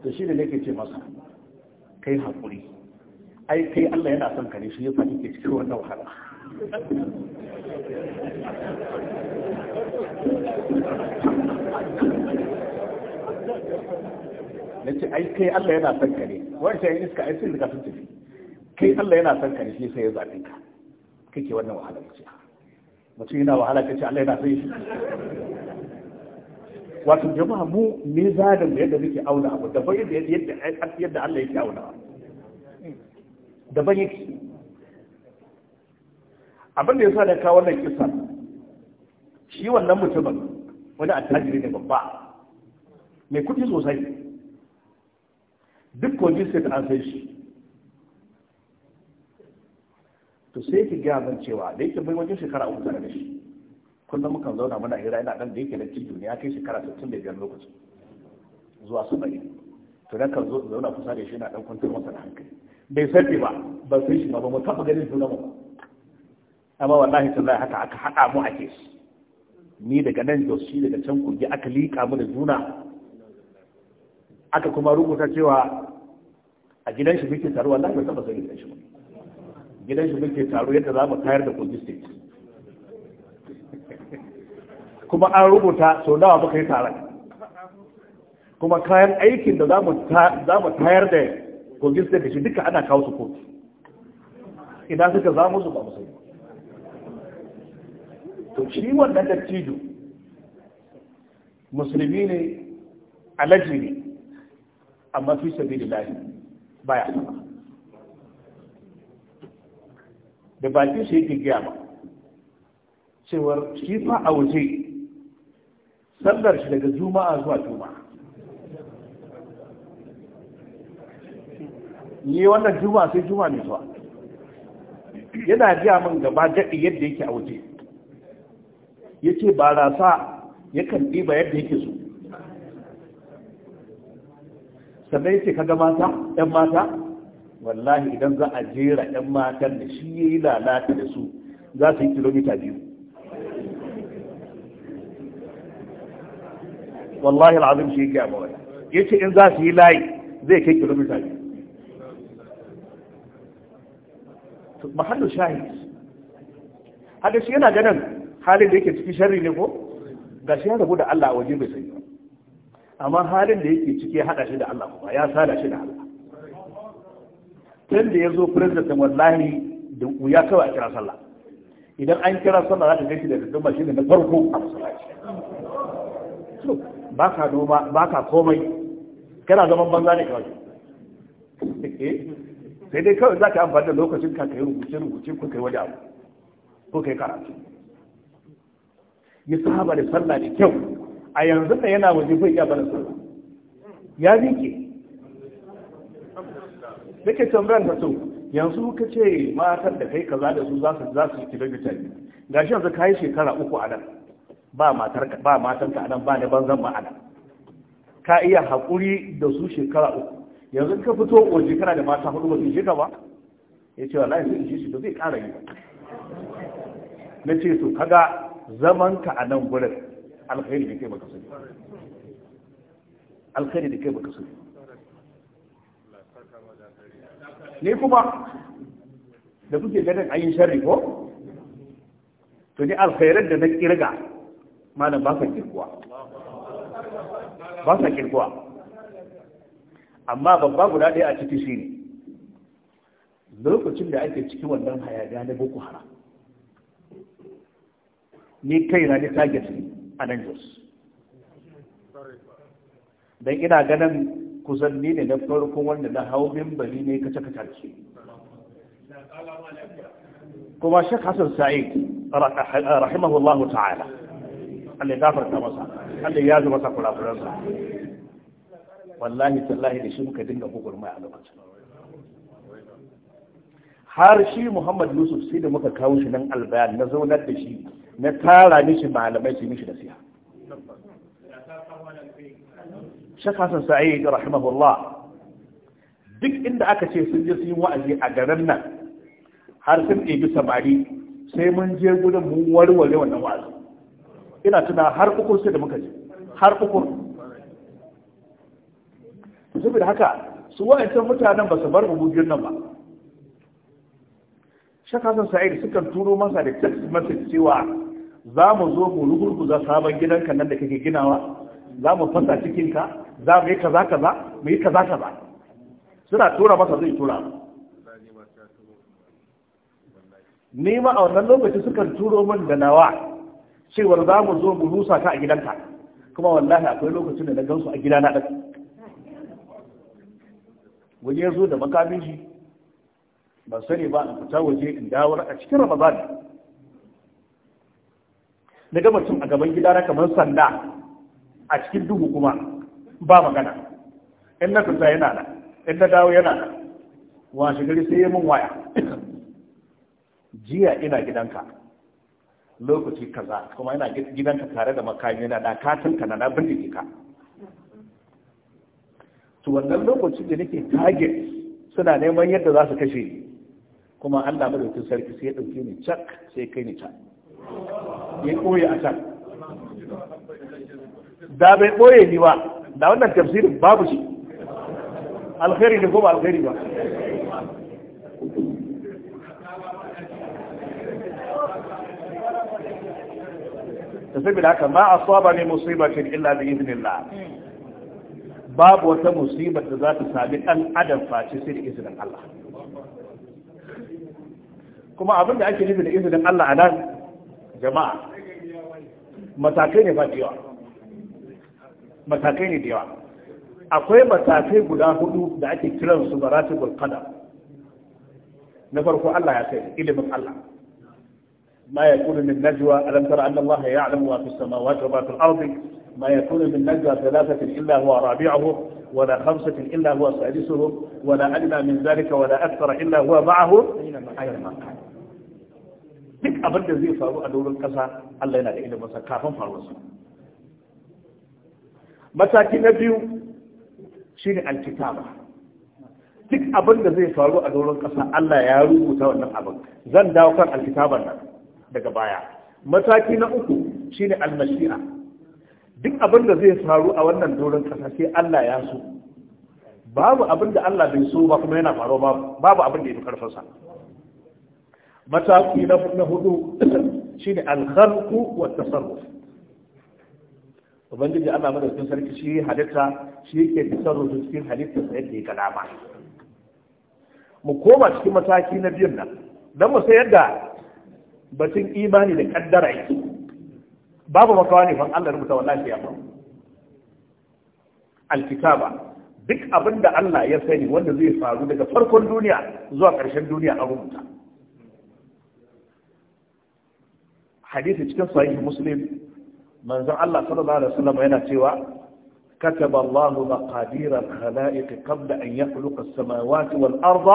to shi ne nake ce masa kai haƙuri ai kai Allah yana son ka ne shi yasa ke cikin wannan wahala na ce ai kai Allah yana son ka ne wancan iska ai sun riga sun tafi kai Allah yana son ka shi sai ya zabe ka kake wannan wahala kace mutum yana wahala kace Allah yana son shi wato jama'a mu ne zalim da yadda muke auna abu daban yadda yadda yadda Allah yake auna daban yake abin da yasa da kawo wannan kisa shi wannan mutumin wani attajiri ne babba mai kuɗi sosai duk kwanci sai da an san shi to sai ki gaya min cewa da yake bai wajen shekara uku tare da shi kullum kan zauna muna hira ina dan da yake na cikin duniya kai shekara 65 da lokaci zuwa saba'in to dan kan zo zauna kusa da shi ina dan kwantar masa da hankali bai sani ba ba sai shi ba ba mu taba ganin juna mu amma wallahi tallahi haka aka haɗa mu a shi ni daga nan da shi daga can kogi aka liƙa mu da juna aka kuma rubuta cewa a gidan shi muke taruwa lafiya bai taɓa sani da shi gidan shi muke taro yadda za mu tayar da kogi state kuma an rubuta sau nawa muka yi taron kuma kayan aikin da za mu tayar da kogi state shi duka ana kawo su kotu idan suka za musu ba musu to shi wannan dattijo musulmi ne alaji ne amma fi sabi da lahi baya sama da bakin su yake giya ba cewar shi fa a waje sallar shi daga juma'a zuwa juma'a ni wannan juma'a sai juma'a mai zuwa yana jiya min gaba daɗi yadda yake a waje ya ce ba ya kan ɗiba yadda yake so sannan ya ce ga mata 'yan mata wallahi idan za a jera 'yan matan da shi ya yi lalata da su za su yi kilomita biyu wallahi al'azim shi yake a mawai ya ce in za su yi layi zai kai kilomita biyu mahallu shahid hada yana ganin halin da yake ciki sharri ne ko ga shi ya rabu da Allah a waje bai sani amma halin da yake ciki ya hada shi da Allah kuma ya sada shi da Allah sai da ya zo president wallahi da wuya kawai a kira sallah idan an kira sallah za ka gaishe da dukkan shi ne na farko a masallaci ba ka noma ba ka komai kana zaman banza ne kawai eh, sai dai kawai za ka amfani da lokacin ka kai rubuce rubuce ko kai wani abu ko kai karatu ya saba da sallah da kyau a yanzu da yana waje bai iya bana sallah ya zike nake ran ta so yanzu ka ce matar da kai kaza da su za su za su kira ne gashi yanzu kai shekara uku a nan ba matar ka ba matar ka a nan ba ne banzan ba a nan ka iya hakuri da su shekara uku yanzu ka fito waje kana da mata hudu ba su je ka ba ya ce wallahi zai ji shi ba zai ƙara yi ba na ce to kaga zaman ka a nan gurin alkhairi da kai baka sani alkhairi da kai baka sani ne kuma da kuke ganin an yi sharri ko to ni alkhairar da na kirga malam ba sa kirkuwa ba sa kirkuwa amma babba guda ɗaya a ciki shi ne lokacin da ake ciki wannan hayaniya na boko haram ni kai na ni target a nan jos don ina ganin kusan ne na farko wanda na hau mimbari ne kace kace kuma Sheikh Hassan Sa'id rahimahullahu ta'ala Allah ya gafarta masa Allah ya zuba masa kurakuransa wallahi tallahi da shi muka dinga gugurmaya a lokacin har shi Muhammad Yusuf sai da muka kawo shi nan albayan na zaunar da shi na tara mishi malamai su mishi da siya. Shek Hassan Sa'id rahimahullah duk inda aka ce sun je sun wa'azi a garin nan har sun ɗebi samari sai mun je gudun mun warware wannan wa'azi ina tuna har ukur sai da muka je har ukur saboda haka su wa'ancan mutanen ba su bar rubujin nan ba Shek Hassan Sa'id suka turo masa da text message cewa za mu zo mu za sabon gidanka nan da kake ginawa za mu fasa cikinka za mu yi kaza kaza mu yi kaza kaza suna tura masa zai tura ni ma a wannan lokaci sukan turo min da nawa cewar za mu zo mu rusa ka a gidanka kuma wallahi akwai lokacin da na gansu a gidana ɗan wani ya zo da makamin shi ban sani ba a fita waje in dawo a cikin ramadan na ga mutum a gaban gidana kamar sanda a cikin duhu kuma ba magana in na tunta yana da in na dawo yana da washe gari sai ya mun waya jiya ina gidanka lokaci kaza kuma ina gidanka tare da makami na da ka na na bindike ka to wannan lokacin da nake target suna neman yadda za su kashe ni kuma Allah madaukakin sarki sai ya dauke ni cak sai kai ni can ya koyi a can da bai ɓoye ni ba da wannan tafsirin babu shi alkhairi ne ko ba alkhairi ba ta da haka ma asaba ne musibatin illa izinin idnillah babu wata musibar da za ta sami dan adam face sai da izinin Allah kuma abin da ake nufi da izinin Allah a nan jama'a matakai ne fadiwa matakai ne da yawa akwai matakai guda hudu da ake kiran su maratibul qadar na farko Allah ya kai ilimin Allah ما يكون من نجوى ألم تر أن الله يعلم ما في السماوات وما في الأرض ما يكون من نجوى ثلاثة إلا هو رابعهم ولا خمسة إلا هو سادسهم ولا أدنى من ذلك ولا أكثر إلا هو معهم أينما كان duk abin da zai faru a doron ƙasa Allah yana da ilimin sa kafin faruwarsa mataki na biyu shine alkitaba duk abin da zai faru a doron ƙasa Allah ya rubuta wannan abin zan dawo kan alkitaban nan daga baya mataki na uku shine almashi'a duk abin da zai faru a wannan doron ƙasa sai Allah ya so babu abin da Allah bai so ba kuma yana faruwa babu babu abin da ya fi karfinsa mataki na hudu shine alkhalqu wa tasarruf ubangiji Allah madaukakin sarki shi halitta shi yake da cikin halitta sai yake kalama mu koma cikin mataki na biyan nan dan mu sayar da batun imani da kaddara yake babu makawa ne fa Allah rubuta wallahi ya faru alkitaba duk abin da Allah ya sani wanda zai faru daga farkon duniya zuwa karshen duniya a rubuta hadisi cikin sahihi muslim manzon Allah sallallahu alaihi wasallam yana cewa كتب الله مقادير الخلائق قبل أن يخلق السماوات والأرض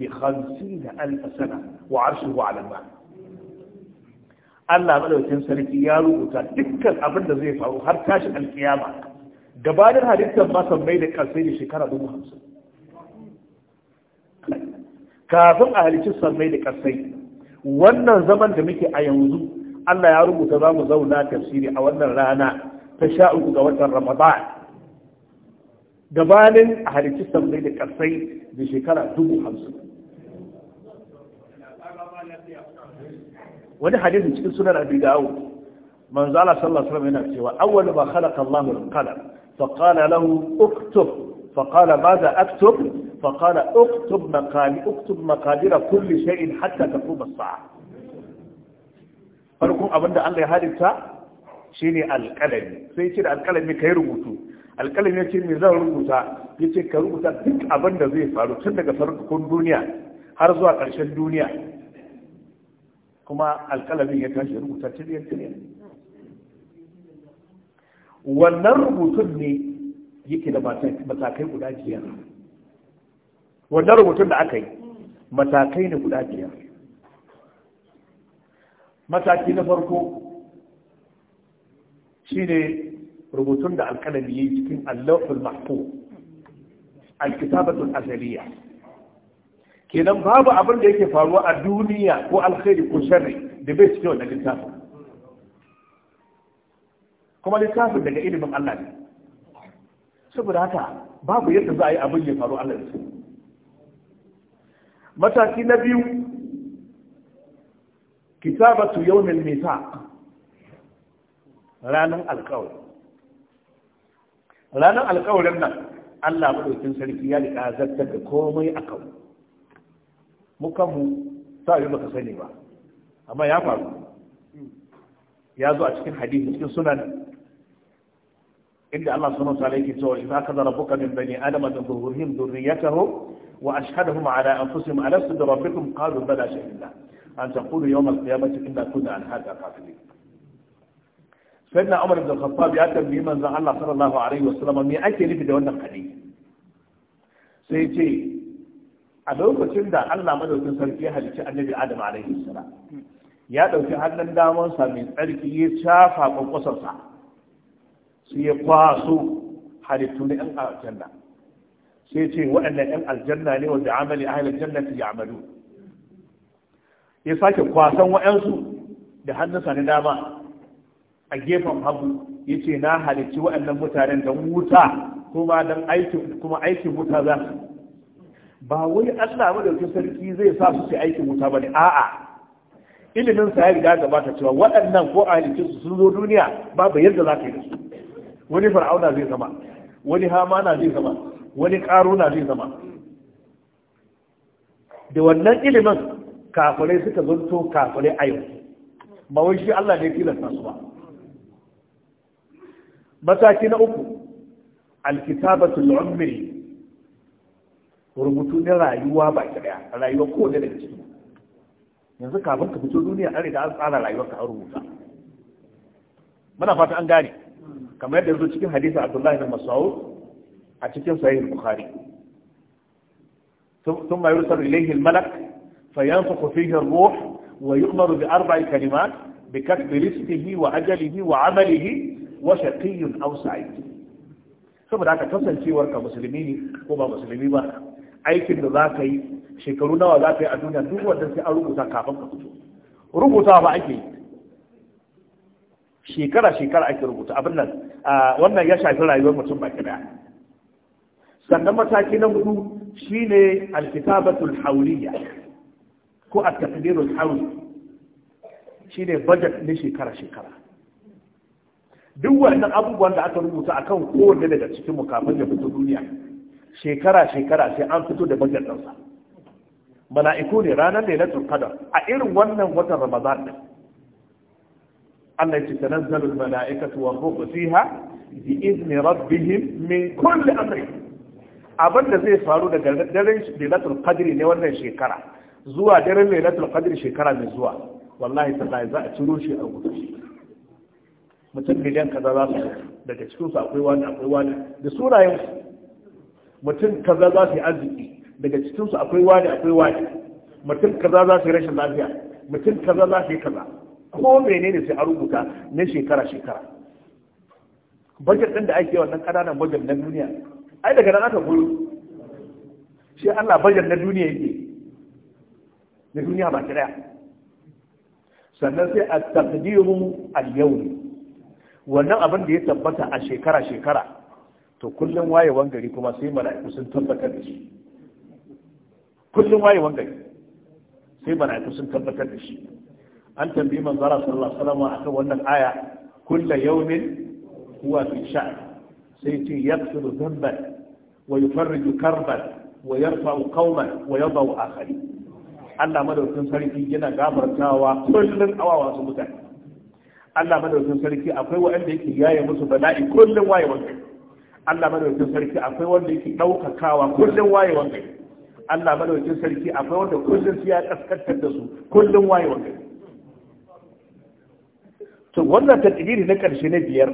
بخمسين ألف سنة وعرشه على الماء Allah madaukakin sarki ya rubuta dukkan abinda zai faru har tashin alkiyama gabanin halittar ma san da kasai da shekara dubu hamsin kafin a halicci san da kasai wannan zaman da muke a yanzu Allah ya rubuta za mu zauna tafsiri a wannan rana ta sha uku ga watan Ramadan gabanin a halittu sammai da ƙarsai da shekara dubu hamsin wani hadisi cikin sunan abi Dawud, manzo Allah sallallahu alaihi wasallam yana cewa awwal ma khalaqa Allahu al-qalam fa qala lahu uktub fa qala madha aktub fa qala uktub maqali uktub maqadir kulli shay'in hatta taqum as saah farkon abin da Allah ya halitta ne alƙalami sai ce da alƙalami yi rubutu alƙalami ya ce me zan rubuta ya ce ka rubuta duk abin da zai faru tun daga farkon duniya har zuwa ƙarshen duniya kuma alƙalamin ya tashi rubuta tiriyar tiriyar wannan rubutun ne yake da matakai guda biyar wannan rubutun da aka yi matakai ne guda biyar mataki na farko shine rubutun da alkalami yi cikin allahul mahfu alkitabatul Ke kenan babu abin da yake faruwa a duniya ko alkhairi ko shari da bai cikin wannan littafin kuma littafin daga ilimin Allah ne saboda haka babu yadda za a yi abin ya faru Allah da su mataki na biyu kitabatu yawmil mita ranar alƙawari ranar alƙawarin nan Allah maɗaukin sarki ya riƙa zartar da komai a kan mukan mu sa yi baka sani ba amma ya faru ya zo a cikin hadisi cikin sunan inda Allah sunan sa laiki yake cewa ka zara buka min bani adama da zuhurhim dhurriyyatahu wa ashhadahum ala anfusihim alastu bi rabbikum qalu bala shahidna an taqulu yawm al inda inna kunna an hada Sai na umar da khattab ya tambayi manzan Allah sallallahu alaihi wasallam me ake nufi da wannan hadisi sai ce a lokacin da Allah madaukin sarki ya halicci annabi Adam alaihi salam ya dauki hannun damansa mai tsarki ya shafa kwakwasarsa su ya kwaso halittu na 'yan aljanna sai ce waɗannan 'yan aljanna ne wanda amali ahli jannati ya'malu ya sake kwasan wa'yansu da hannunsa na dama a gefen hagu ya ce na halicci wayannan mutanen don wuta kuma don aikin kuma aikin wuta za su ba wai Allah madaukin sarki zai sa su ce aikin wuta ba ne a'a ilimin sa ya riga gabata cewa waɗannan ko a su sun zo duniya babu yadda za ka yi da su wani fara'auna zai zama wani hamana zai zama wani ƙaruna zai zama da wannan ilimin kafirai suka zonto kafirai a yau ba wai shi Allah ne tilasta su ba mataki na uku alkitabatu umri rubutu na rayuwa ba daya rayuwa ko da daga ciki yanzu kafin ka fito duniya an riga an tsara rayuwar ka an rubuta muna fata an gane kamar yadda yanzu cikin hadisi Abdullahi na Mas'ud a cikin sahih Bukhari ثم يرسل إليه الملك فينفخ فيه الروح ويؤمر بأربع كلمات بكتب رزقه وأجله وعمله وشقي أو سعيد saboda haka kasancewar ka musulmi ne ko ba musulmi ba aikin da za ka shekaru nawa za ka a duniya duk wanda sai an rubuta kafin ka fito rubuta ba ake yi shekara shekara ake rubuta abin nan wannan ya shafi rayuwar mutum baki daya sannan mataki na hudu shine alkitabatul hawliya ko a takbirul haru shi ne budget na shekara-shekara duk wannan abubuwan da aka rubuta a kan kowanne daga cikin mukamman ya fito duniya shekara-shekara sai an fito da budget ɗansa mala'iku ne ranar ne na turkada a irin wannan watan ramadan ɗin Allah ya ce tanazzalul mala'ikatu wa ruhu fiha bi izni rabbihim min kulli amri abin da zai faru daga daren lailatul qadri ne wannan shekara zuwa daren lailatul qadr shekara mai zuwa wallahi ta tallahi za a ciro shi a gudu mutum miliyan kaza za su daga cikin su akwai wani akwai wani da sunayen mutum kaza za su yi arziki daga cikin su akwai wani akwai wani mutum kaza za su yi rashin lafiya mutum kaza za su yi kaza ko menene sai a rubuta na shekara shekara bajet din da ake wannan ƙananan bajet na duniya ai daga nan aka gudu shi Allah bajet na duniya yake na duniya ba ta daya sannan sai a takdiru al-yawmi wannan abin da ya tabbata a shekara shekara to kullum wayewan gari kuma sai mala'iku sun tabbatar da shi kullum wayewan gari sai mala'iku sun tabbatar da shi an tambayi manzara sallallahu alaihi wasallam akan wannan aya kullu yawmin huwa fi sha'n sai ce yaghfiru dhanban wa yufarriju karban wa yarfa'u qauman wa yadau akharin Allah madaukin sarki yana gafartawa kullun awawa su mutane Allah madaukin sarki akwai wanda yake yaye musu bala'i kullun wayewar kai Allah madaukin sarki akwai wanda yake daukakawa kullun wayewar kai Allah madaukin sarki akwai wanda kullun su ya kaskantar da su kullun wayewar kai to wannan tadbiri na karshe na biyar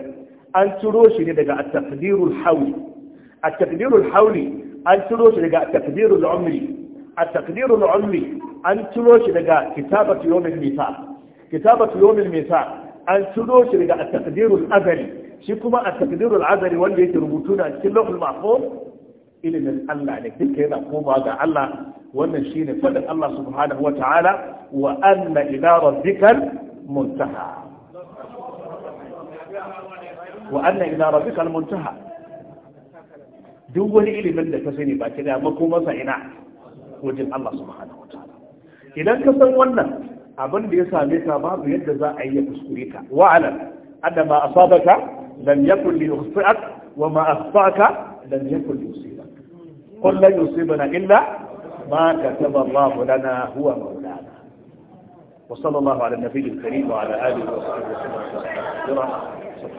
an ciro shi ne daga at-taqdirul hawli at-taqdirul hawli an ciro shi daga at-taqdirul umri التقدير العلمي أن تلوش لقى كتابة يوم الميثاق كتابة يوم الميثاق أن تلوش لك التقدير الأذري شكما التقدير الأذري واللي يتربطونه كله المعفوظ إلى أن الله عليك تلك هنا قوم هذا الله وأن الشين فدق الله سبحانه وتعالى وأن إلى ربك المنتهى وأن إلى ربك المنتهى دوني إلى من دفسني باكنا مكو مصعنا wajen Allah subhanahu wataala idan ka san wannan abin da ya same ka babu yadda za a yi ya kuskure ka wa alam anna ma asabaka lam yakun li yukhti'ak wa ma akhta'aka lam yakun li yusibak qul la yusibana illa ma kataba Allah lana huwa mawlana وصلى الله على النبي الكريم وعلى اله وصحبه وسلم